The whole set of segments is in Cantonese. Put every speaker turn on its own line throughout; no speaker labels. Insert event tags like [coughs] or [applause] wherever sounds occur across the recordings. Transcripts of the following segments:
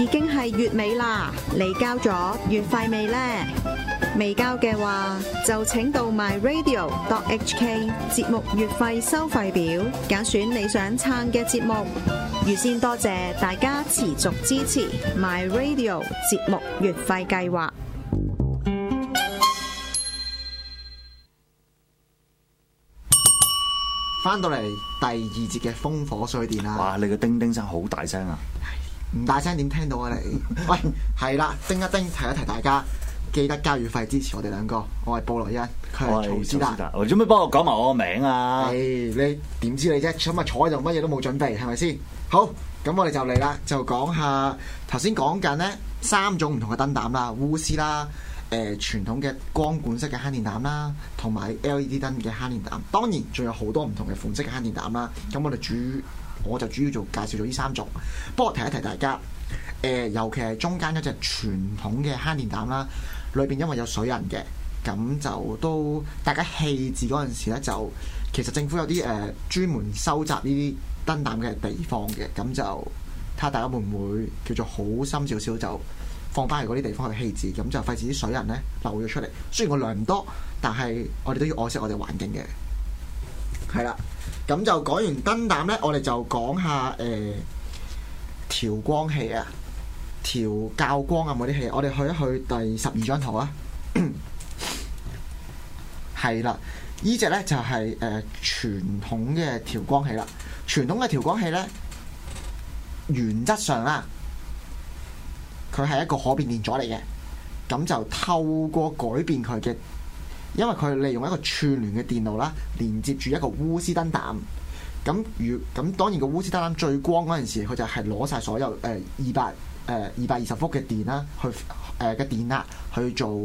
已經係月尾啦，你交咗月費未呢？未交嘅話，就請到 myradio.hk 節目月費收費表，揀選你想撐嘅節目。預先多謝大家持續支持 myradio 節目月費計劃。翻
到嚟第二節嘅風火水電啦！哇，你個叮叮聲好大聲啊！唔大聲點聽到啊、你？ [laughs] 喂，係啦，叮一叮，提一提大家，記得交月費支持我哋兩個。我係布萊恩，佢係曹撕達。幫
我做咩幫我講埋我個名啊？哎、你點知你
啫？咁啊坐喺度，乜嘢都冇準備，係咪先？好，咁我哋就嚟啦，就講下頭先講緊咧三種唔同嘅燈膽啦，鎢絲啦，誒、呃，傳統嘅光管式嘅慳電膽啦，同埋 LED 燈嘅慳電膽。當然，仲有好多唔同嘅款式嘅慳電膽啦。咁我哋主。我就主要做介紹咗呢三種，不過提一提大家，誒、呃、尤其係中間一隻傳統嘅慳電膽啦，裏邊因為有水銀嘅，咁就都大家棄置嗰陣時咧，就其實政府有啲誒、呃、專門收集呢啲燈膽嘅地方嘅，咁就睇下大家會唔會叫做好心少少就放翻去嗰啲地方去棄置，咁就費事啲水銀呢漏咗出嚟。雖然個量唔多，但係我哋都要愛惜我哋環境嘅，係啦。咁就講完燈膽咧，我哋就講下誒調光器啊、調校光啊嗰啲器。我哋去一去第十二張圖啊，係啦，呢隻咧就係誒傳統嘅調光器啦。傳統嘅調光器咧，原則上啦，佢係一個可變電阻嚟嘅，咁就透過改變佢嘅。因為佢利用一個串聯嘅電路啦，連接住一個烏絲燈膽咁。如咁，當然個烏絲燈膽最光嗰陣時，佢就係攞晒所有誒二百誒二百二十伏嘅電啦，去誒嘅、呃、電壓去做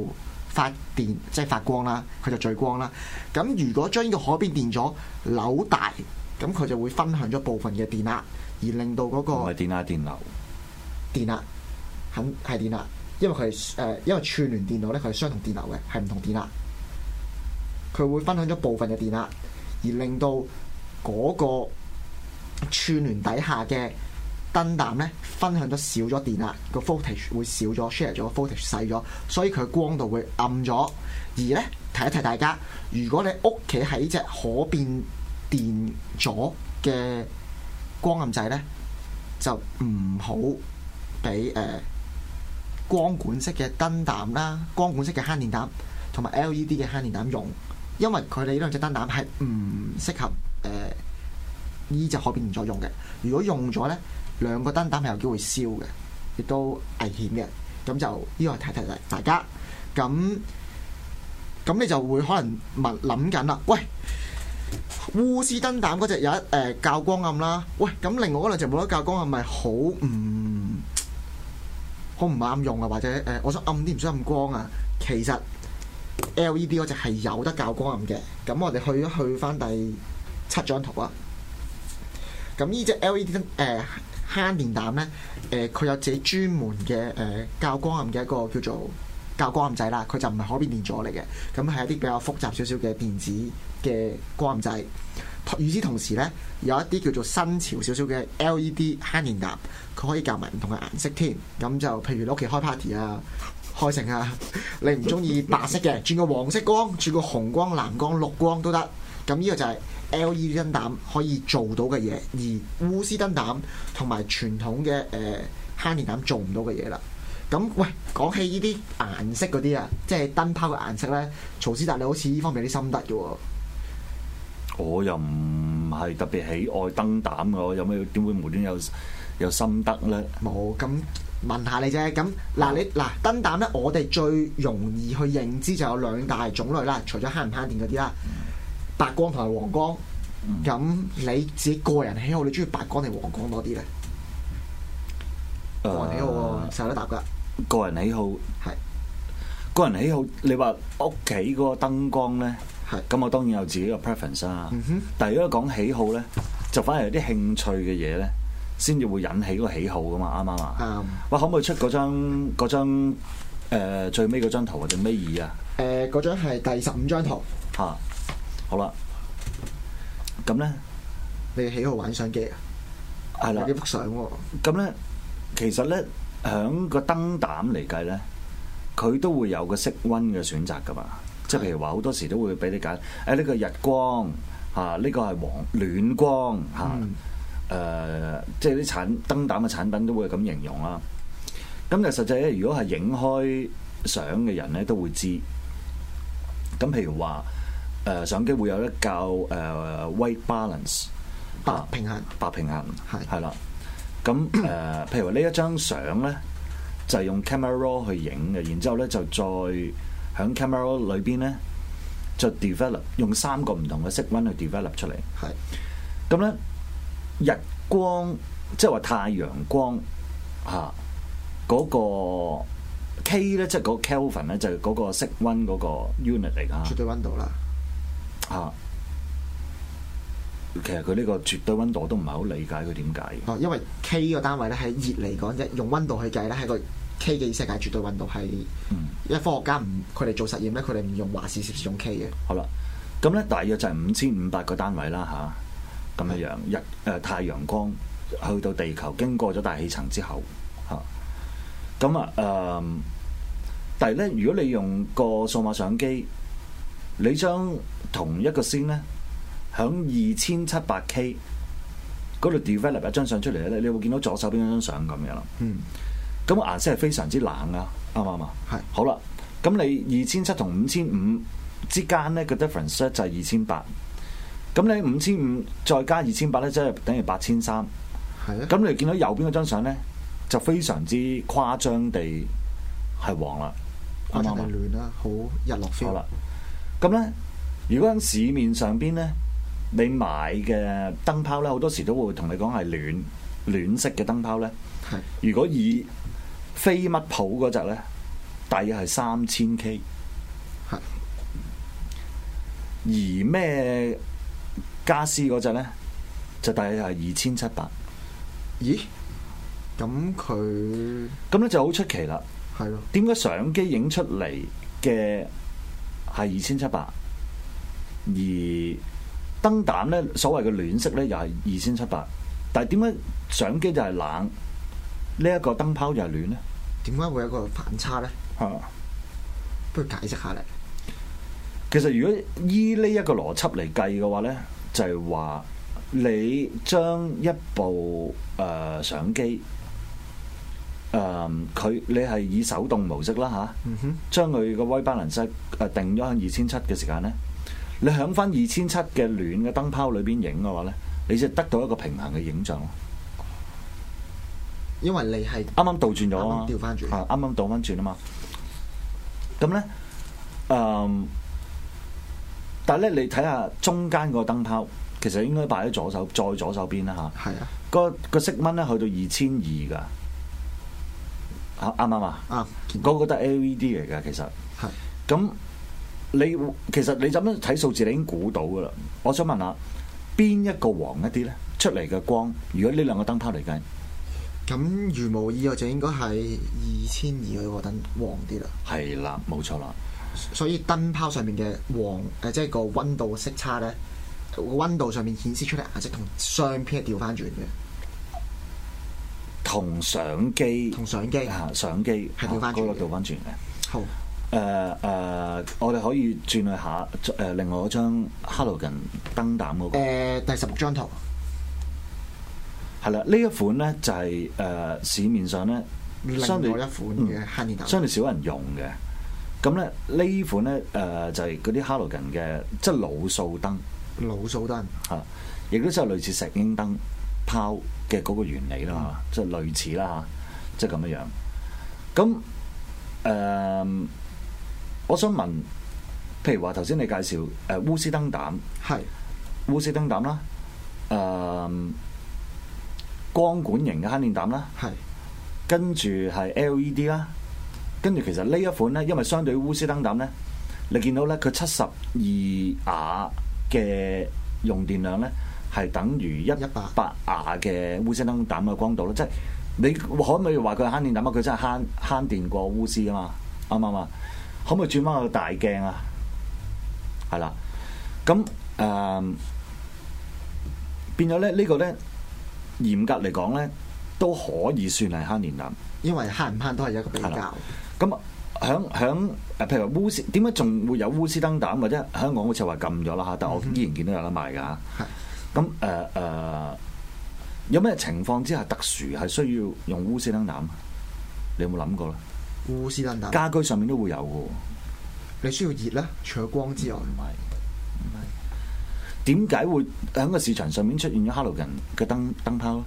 發電，即係發光啦。佢就最光啦。咁如果將呢個可變電阻扭大，咁佢就會分享咗部分嘅電壓，而令到嗰個唔係電壓電、電流電壓，肯係電壓，因為佢係誒，因為串聯電路咧，佢係相同電流嘅，係唔同電壓。佢會分享咗部分嘅電壓，而令到嗰個串聯底下嘅燈膽咧，分享咗少咗電壓，個 voltage 會少咗，share 咗個 voltage 細咗，所以佢光度會暗咗。而咧，提一提大家，如果你屋企喺隻可變電阻嘅光暗掣咧，就唔好俾誒光管式嘅燈膽啦、光管式嘅慳電膽同埋 LED 嘅慳電膽用。因為佢哋呢兩隻燈膽係唔適合誒呢隻可再用嘅，如果用咗呢兩個燈膽係有機會燒嘅，亦都危險嘅。咁就呢個提提大家，咁咁你就會可能問諗緊啦，喂，鎢絲燈膽嗰隻有一誒較光暗啦，喂、呃，咁另外嗰兩隻冇得較光暗，咪好唔好唔啱用啊？或者誒、呃，我想暗啲，唔想咁光啊？其實。LED 嗰隻係有得校光暗嘅，咁我哋去一去翻第七張圖啊。咁呢隻 LED 燈誒慳電膽咧，誒、呃、佢有自己專門嘅誒校光暗嘅一個叫做校光暗掣啦。佢就唔係可變電阻嚟嘅，咁係一啲比較複雜少少嘅電子嘅光暗掣。與此同時咧，有一啲叫做新潮少少嘅 LED 慳電膽，佢可以校埋唔同嘅顏色添。咁就譬如你屋企開 party 啊。開成啊！你唔中意白色嘅，轉個黃色光，轉個紅光、藍光、綠光都得。咁呢個就係 LED 燈膽可以做到嘅嘢，而鎢絲燈膽同埋傳統嘅誒，慳電膽做唔到嘅嘢啦。咁喂，講起呢啲顏色嗰啲啊，即係燈泡嘅顏色呢，
曹撕達你好似呢方面有啲心得嘅喎。我又唔～係特別喜愛燈膽嘅，有咩點會無端有有心得咧？冇咁
問下你啫。咁嗱，你嗱燈膽咧，我哋最容易去認知就有兩大種類啦，除咗慳唔慳電嗰啲啦，白光同埋黃光。咁你自己個人喜好，你中意白光定黃光多啲咧？
個人喜好，受得答噶。個人喜好係個人喜好，你話屋企嗰個燈光咧？係咁，我當然有自己嘅 preference 啊。嗯、哼，但係如果講喜好咧，就反而有啲興趣嘅嘢咧，先至會引起嗰個喜好噶嘛，啱唔啱啊？喂、嗯！可唔可以出嗰張嗰、呃、最尾嗰張圖或者尾二啊？誒、
呃，嗰張係第十五張圖
嚇、啊。好啦，咁咧，你嘅喜好玩相機啊？係啦，幾幅相咁咧？其實咧，響個燈膽嚟計咧，佢都會有個色溫嘅選擇噶嘛。即係譬如話好多時都會俾你揀，誒、哎、呢、這個日光吓，呢、啊這個係黃暖光吓，誒、啊嗯呃、即係啲產燈膽嘅產品都會咁形容啦。咁其實實際咧，如果係影開相嘅人咧，都會知。咁譬如話，誒、呃、相機會有得較誒、呃、white balance 白平衡、啊、白平衡係係啦。咁誒、呃，譬如一張呢一張相咧就係、用 camera raw 去影嘅，然之後咧就再。喺 camera 裏邊咧，就 develop 用三個唔同嘅色溫去 develop 出嚟。係，咁咧日光即係話太陽光嚇嗰、啊嗰個 K 咧，即係嗰個 Kelvin 咧，就係嗰個色溫嗰個 unit 嚟㗎。絕對溫度啦嚇、啊，其實佢呢個
絕對溫度我都唔係好理解佢點解。哦，因為 K 個單位咧係熱嚟講啫，用溫度去計咧係個。K 嘅世界絕對運動係，因、嗯、為科學家唔佢哋做實驗咧，佢哋唔用華氏，
攝氏，係用 K 嘅。好啦，咁咧大約就係五千五百個單位啦吓，咁、啊、樣陽日誒、呃、太陽光去到地球經過咗大氣層之後嚇，咁啊誒、啊，但係咧如果你用個數碼相機，你將同一個 scene 咧，響二千七百 K 嗰度 develop 一張相出嚟咧，你會見到左手邊嗰張相咁樣咯。嗯。咁顏色係非常之冷啊，啱唔啱啊？係。好啦，咁你二千七同五千五之間咧，個 difference 咧就係二千八。咁你五千五再加二千八咧，即係等於八千三。係咧。咁你見到右邊嗰張相咧，就非常之誇張地係黃啦。變成暖啦，好日落 feel。好啦，咁咧，如果喺市面上邊咧，你買嘅燈泡咧，好多時都會同你講係暖暖色嘅燈泡咧。係。如果以飛乜普嗰隻咧，大約係三千 K，而咩家私嗰隻咧，就大約係二千七百。咦？咁佢咁咧就好出奇啦。係咯？點解相機影出嚟嘅係二千七百，而燈膽咧，所謂嘅暖色咧又係二千七百，但係點解相機就係冷？呢、這、一個燈泡就係暖咧，點解會有個反差咧？嚇，不如解釋下咧。其實如果依呢一個邏輯嚟計嘅話咧，就係、是、話你將一部誒、呃、相機誒，佢、呃、你係以手動模式啦嚇、嗯，將佢個威班能西誒定咗喺二千七嘅時間咧，你響翻二千七嘅暖嘅燈泡裏邊影嘅話咧，你就得到一個平衡嘅影像咯。因為你係啱啱倒轉咗調翻轉，啱啱倒翻轉啊嘛。咁、嗯、咧，誒、嗯，但係咧，你睇下中間個燈泡，其實應該擺喺左手，再左手邊啦嚇。係啊，個個色溫咧去到二千二噶，啱啱啊？啱、那個，嗰、嗰個得 LED 嚟㗎，其實係。咁你其實你怎樣睇數字，你已經估到㗎啦。我想問下，邊一個黃一啲咧？出嚟嘅光，如果呢兩個燈泡嚟計？咁如無意外，就應該係
二千二嗰個燈黃啲啦。係啦，冇錯啦。所以燈泡上面嘅黃，誒即係個温度色差咧，個温度上面顯示出嚟顏色同
相片係調翻轉嘅。同相機，同相機嚇、啊，相機係調翻轉嘅。好。誒、呃、誒、呃，我哋可以轉去下誒另外嗰張 halogen 燈膽嗰、那個。呃、第十六係啦，呢一款咧就係、是、誒、呃、市面上咧相對一款嘅、嗯、相對少人用嘅，咁、嗯、咧呢款咧誒、呃、就係、是、嗰啲 halogen 嘅即係、就、鹵、是、素燈，鹵素燈吓，亦都即係類似石英燈泡嘅嗰個原理啦，即、嗯、係、啊就是、類似啦吓，即係咁樣樣。咁誒、呃，我想問，譬如話頭先你介紹誒鎢絲燈膽，係鎢絲燈膽啦，誒。光管型嘅慳電膽啦，跟住係 LED 啦，跟住其實呢一款咧，因為相對於鎢絲燈膽咧，你見到咧佢七十二瓦嘅用電量咧，係等於一百瓦嘅鎢絲燈膽嘅光度咯，即係你可唔可以話佢慳電膽啊？佢真係慳慳電過鎢絲啊嘛，啱唔啱啊？可唔可以轉翻去個大鏡啊？係啦，咁誒、呃、變咗咧呢、呢個咧？嚴格嚟講咧，都可以算係慳年膽，因為慳唔慳都係一個比較。咁響響誒，譬如話烏絲，點解仲會有烏絲燈膽或者香港好似話禁咗啦，吓，但我依然見到有得賣噶。咁誒誒，有咩情況之下特殊係需要用烏絲燈膽？你有冇諗過咧？烏絲燈膽家居上面都會有嘅。你需要熱咧，除咗光之外。唔係？唔係。點解會喺個市場上面出現咗 halogen 嘅燈燈泡咧？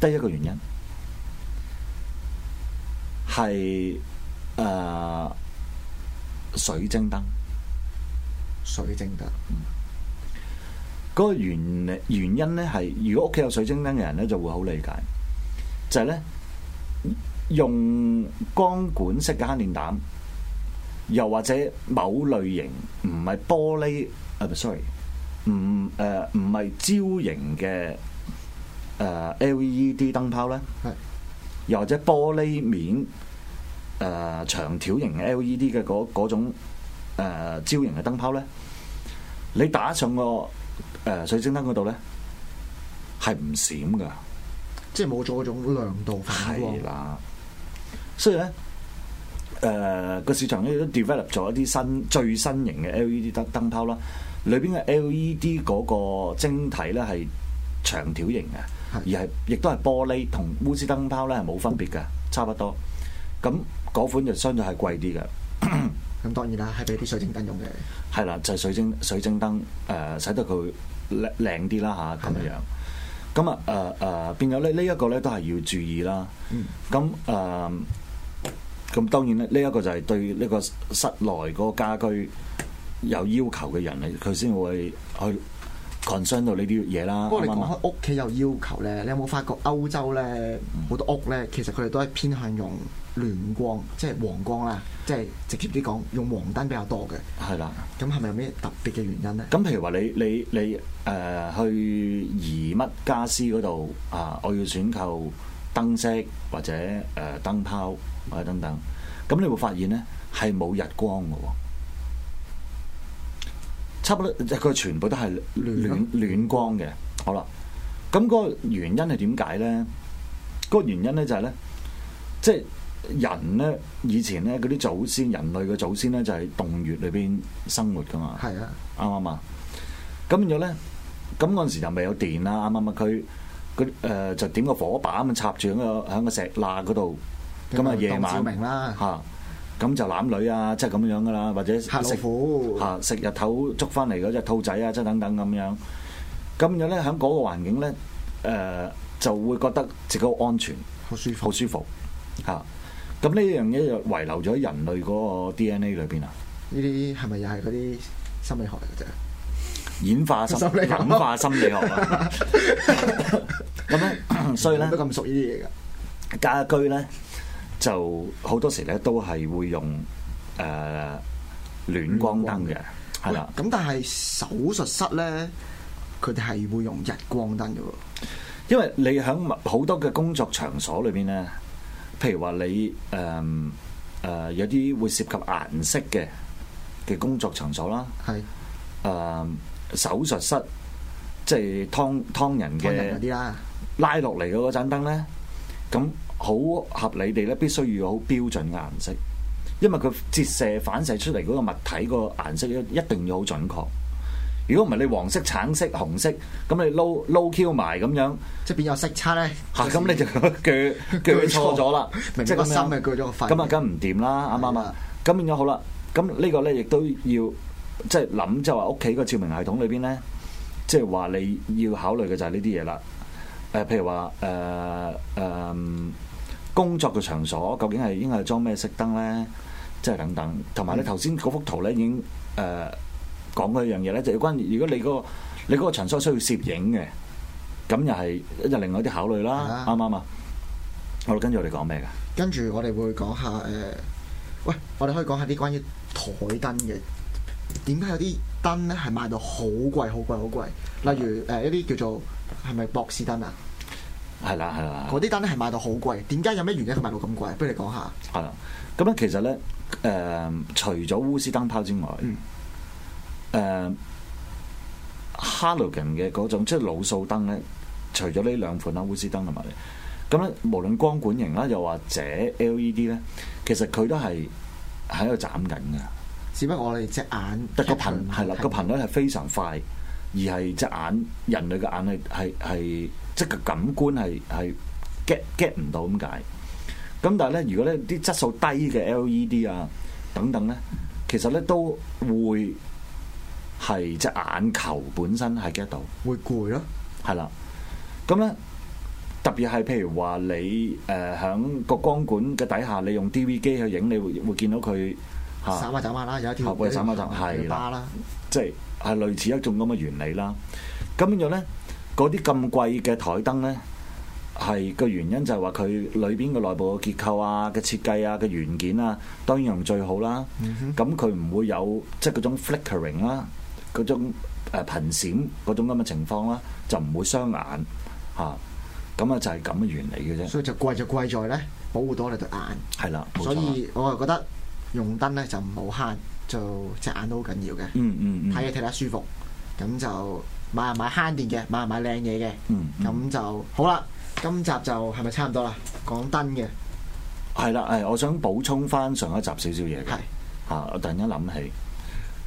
第一個原因係誒水晶燈，水晶燈，嗯，嗰個原原因咧係，如果屋企有水晶燈嘅人咧，就會好理解，就係咧用光管式嘅慳電膽，又或者某類型唔係玻璃。啊，sorry，唔誒唔係焦型嘅誒 LED 燈泡咧，又或者玻璃面誒、呃、長條型嘅 LED 嘅嗰嗰種誒焦、呃、型嘅燈泡咧，你打上個誒水晶燈嗰度咧，係唔閃噶，即係冇咗嗰種亮度反光。係啦，所以咧。誒、呃、個市場咧都 develop 咗一啲新最新型嘅 LED 燈燈泡啦，裏邊嘅 LED 嗰個晶體咧係長條型嘅，而係亦都係玻璃同烏絲燈泡咧係冇分別嘅，差不多。咁嗰款就相對係貴啲嘅。咁當然啦，係俾啲水晶燈用嘅。係啦，就係、是、水晶水晶燈誒、呃，使得佢靚靚啲啦嚇咁樣。咁啊誒誒，變咗咧呢一個咧都係要注意啦。咁、嗯、誒。咁當然咧，呢、這、一個就係對呢個室內嗰個家居有要求嘅人咧，佢先會去 concern 到呢啲嘢啦。不過，你講開屋企有要求咧，你有冇發覺歐洲咧好多屋咧，其實
佢哋都係偏向用暖光，即係黃光啦，即係直接啲講用黃燈比
較多嘅。係啦。咁係咪有咩特別嘅原因咧？咁譬如話，你你你誒、呃、去宜家傢俬嗰度啊？我要選購燈飾或者誒、呃、燈泡。啊！等等，咁你會發現咧，係冇日光嘅喎、哦，差不多佢全部都係暖暖光嘅。好啦，咁嗰個原因係點解咧？嗰、那個原因咧就係、是、咧，即、就、係、是、人咧，以前咧嗰啲祖先，人類嘅祖先咧，就喺洞穴裏邊生活噶嘛。係啊對對，啱唔啱啊？咁變咗咧，咁嗰陣時又唔係有電啊？啱唔啱？佢佢誒就點個火把咁插住喺個喺個石罅嗰度。咁啊夜晚照明啦嚇，咁就攬女啊，即係咁樣噶啦，或者食虎嚇，食日頭捉翻嚟嗰隻兔仔啊，即係等等咁樣。咁樣咧，喺嗰個環境咧，誒就會覺得自己好安全，好舒服，好舒服嚇。咁呢樣嘢又遺留咗人類嗰個 DNA 裏邊啊？
呢啲係咪又係嗰啲心理學嚟嘅啫？
演化心，演化心理學。咁樣所以咧都咁熟呢啲嘢㗎。家居咧。就好多時咧，都係會用誒、呃、暖光燈嘅，係啦。咁但係手術室咧，佢哋係會用日光燈嘅喎。因為你喺好多嘅工作場所裏邊咧，譬如話你誒誒、呃呃、有啲會涉及顏色嘅嘅工作場所啦，係誒、呃、手術室，即係劏劏人嘅啲啦，拉落嚟嗰嗰盞燈咧，咁。好合理地咧，必須要有好標準嘅顏色，因為佢折射、反射出嚟嗰個物體個顏色一定要好準確。如果唔係你黃色、橙色、紅色，咁你撈撈翹埋咁樣，即係變有色差咧？嚇、啊！咁、就是、 [laughs] 你就鋸鋸 [laughs] 錯咗啦，即係、就是、個心嘅鋸咗個肺。咁啊，梗唔掂啦，啱唔啱？咁變咗好啦，咁呢個咧亦都要即係諗，就係屋企個照明系統裏邊咧，即係話你要考慮嘅就係呢啲嘢啦。誒、呃，譬如話誒誒。呃呃工作嘅場所究竟係應該係裝咩色燈咧？即、就、係、是、等等，同埋你頭先嗰幅圖咧已經誒、呃、講過一樣嘢咧，就係關於如果你、嗰個你嗰個場所需要攝影嘅，咁又係一另外一啲考慮啦。啱唔啱啊？好，跟住我哋講咩噶？
跟住我哋會講下誒，喂、呃，我哋可以講一下啲關於台燈嘅點解有啲燈咧係賣到好貴、好貴、好貴？例如誒、呃、一啲叫做係咪博士燈啊？
係啦，係啦，嗰
啲燈咧係賣到好貴，點解有咩
原因佢賣到咁貴？不如你講下。係啦，咁咧其實咧，誒、呃，除咗鎢絲燈泡之外，誒 halogen 嘅嗰種即係鹵素燈咧，除咗呢兩款啦，鎢絲燈同埋，咁咧無論光管型啦，又或者 LED 咧，其實佢都係喺度斬緊噶。只不過我哋隻眼、嗰個頻係啦，個頻率係非常快，而係隻眼人類嘅眼係係係。即個感官係係 get get 唔到咁解，咁但係咧，如果咧啲質素低嘅 LED 啊等等咧，其實咧都會係隻眼球本身係 get 到，會攰啊，係啦，咁咧特別係譬如話你誒響個光管嘅底下，你用 DV 機去影，你會會見到佢散下散下啦，有一條後背散下散係啦，即係係類似一種咁嘅原理啦。咁樣咧。嗰啲咁貴嘅台燈咧，係個原因就係話佢裏邊嘅內部嘅結構啊、嘅設計啊、嘅元件啊，當然用最好啦、啊。咁佢唔會有即係嗰種 flickering 啦、啊，嗰種誒頻閃嗰種咁嘅情況啦、啊，就唔會傷眼嚇。咁啊就係咁嘅原理嘅啫。所以就貴就貴在咧，
保護到你對眼。係啦、啊，所以我又覺得用燈咧就唔好慳，就隻眼都好緊要嘅。嗯嗯，嗯，睇嘢睇得舒服。咁就買下買慳電嘅，買下買靚嘢嘅？嗯。咁、嗯、就好啦，今集就係咪差唔多啦？講燈嘅。
係啦，我想補充翻上一集少少嘢嘅。我突然間諗起，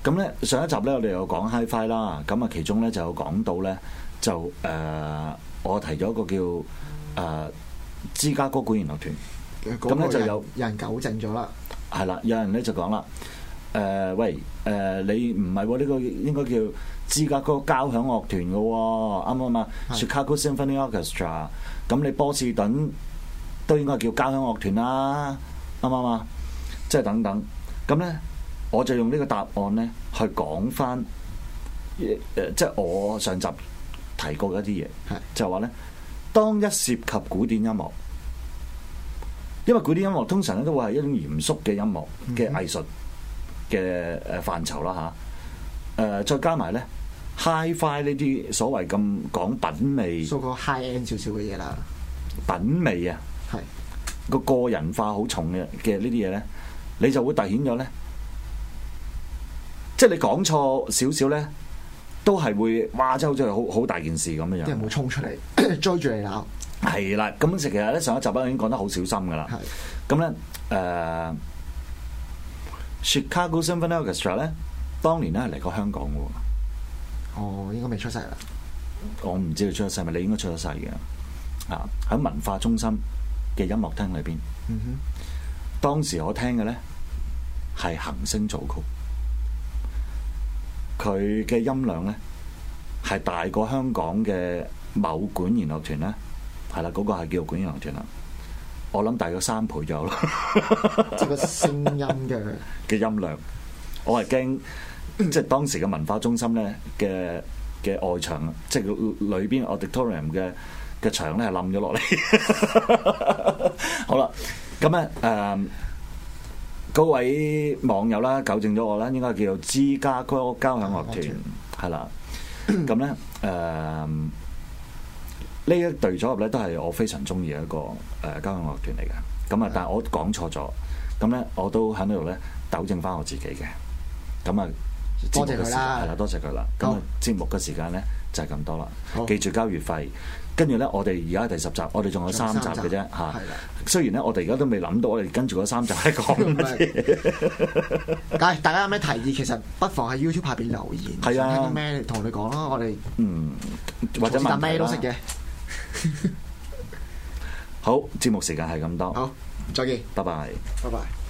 咁咧上一集咧，我哋有講 Hi-Fi 啦，咁啊其中咧就有講到咧，就誒、呃、我提咗一個叫誒、呃、芝加哥管弦樂團。咁、那、咧、個、就有有人糾正咗啦。係啦，有人咧就講啦。誒、呃、喂，誒、呃、你唔係喎，呢、這個應該叫芝加哥交響樂團嘅喎、哦，啱唔啱啊？Chicago Symphony Orchestra，咁你波士頓都應該叫交響樂團啦，啱唔啱啊？即、就、係、是、等等，咁咧我就用呢個答案咧去講翻誒，即、呃、係、就是、我上集提過嘅一啲嘢，就話咧當一涉及古典音樂，因為古典音樂通常咧都會係一種嚴肅嘅音樂嘅藝術。嘅誒範疇啦吓，誒、呃、再加埋咧 Hi-Fi 呢啲所謂咁講品味，做個 high end 少少嘅嘢啦，品味啊，係個個人化好重嘅嘅呢啲嘢咧，你就會凸顯咗咧，即係你講錯少少咧，都係會哇即係好似好好大件事咁樣樣，啲人會衝出嚟 [coughs] 追住你鬧，係啦，咁其實咧上一集我已經講得好小心噶啦，係咁咧誒。Chicago Symphony Orchestra 咧，當年咧，係嚟過香港嘅喎。哦，應該未出世啦。我唔知道出咗世咪，你應該出咗世嘅。啊，喺文化中心嘅音樂廳裏邊，嗯，當時我聽嘅咧，係行星組曲，佢嘅音量咧，係大過香港嘅某管弦樂團啦。係啦，嗰、嗰個係叫管弦樂團啦。我諗大約三倍咗咯，即係個聲音嘅嘅 [laughs] 音量，我係驚即係當時嘅文化中心咧嘅嘅外牆，即係佢裏邊 Auditorium 嘅嘅牆咧係冧咗落嚟。呢 [laughs] [laughs] [laughs] 好啦，咁咧誒，各位網友啦，糾正咗我啦，應該叫做芝加哥交響樂團係啦，咁咧誒。 [coughs] 呢一隊組合咧都係我非常中意嘅一個誒交響樂團嚟嘅，咁啊，但我講錯咗，咁咧我都喺呢度咧糾正翻我自己嘅。咁啊，多謝佢啦，係啦，多謝佢啦。咁啊，節目嘅時間咧就係、是、咁多啦。記住交月費，跟住咧我哋而家第十集，我哋仲有三集嘅啫嚇。雖然咧我哋而家都未諗到，我哋跟住嗰三集咧講乜嘢？大家有咩提
議？其實不妨喺 YouTube 下邊留言，係啊，聽啲
咩同你哋講咯。我哋嗯或者問咩都識嘅。 [laughs] 好，節目時間係咁多。好，再見，拜拜，拜拜。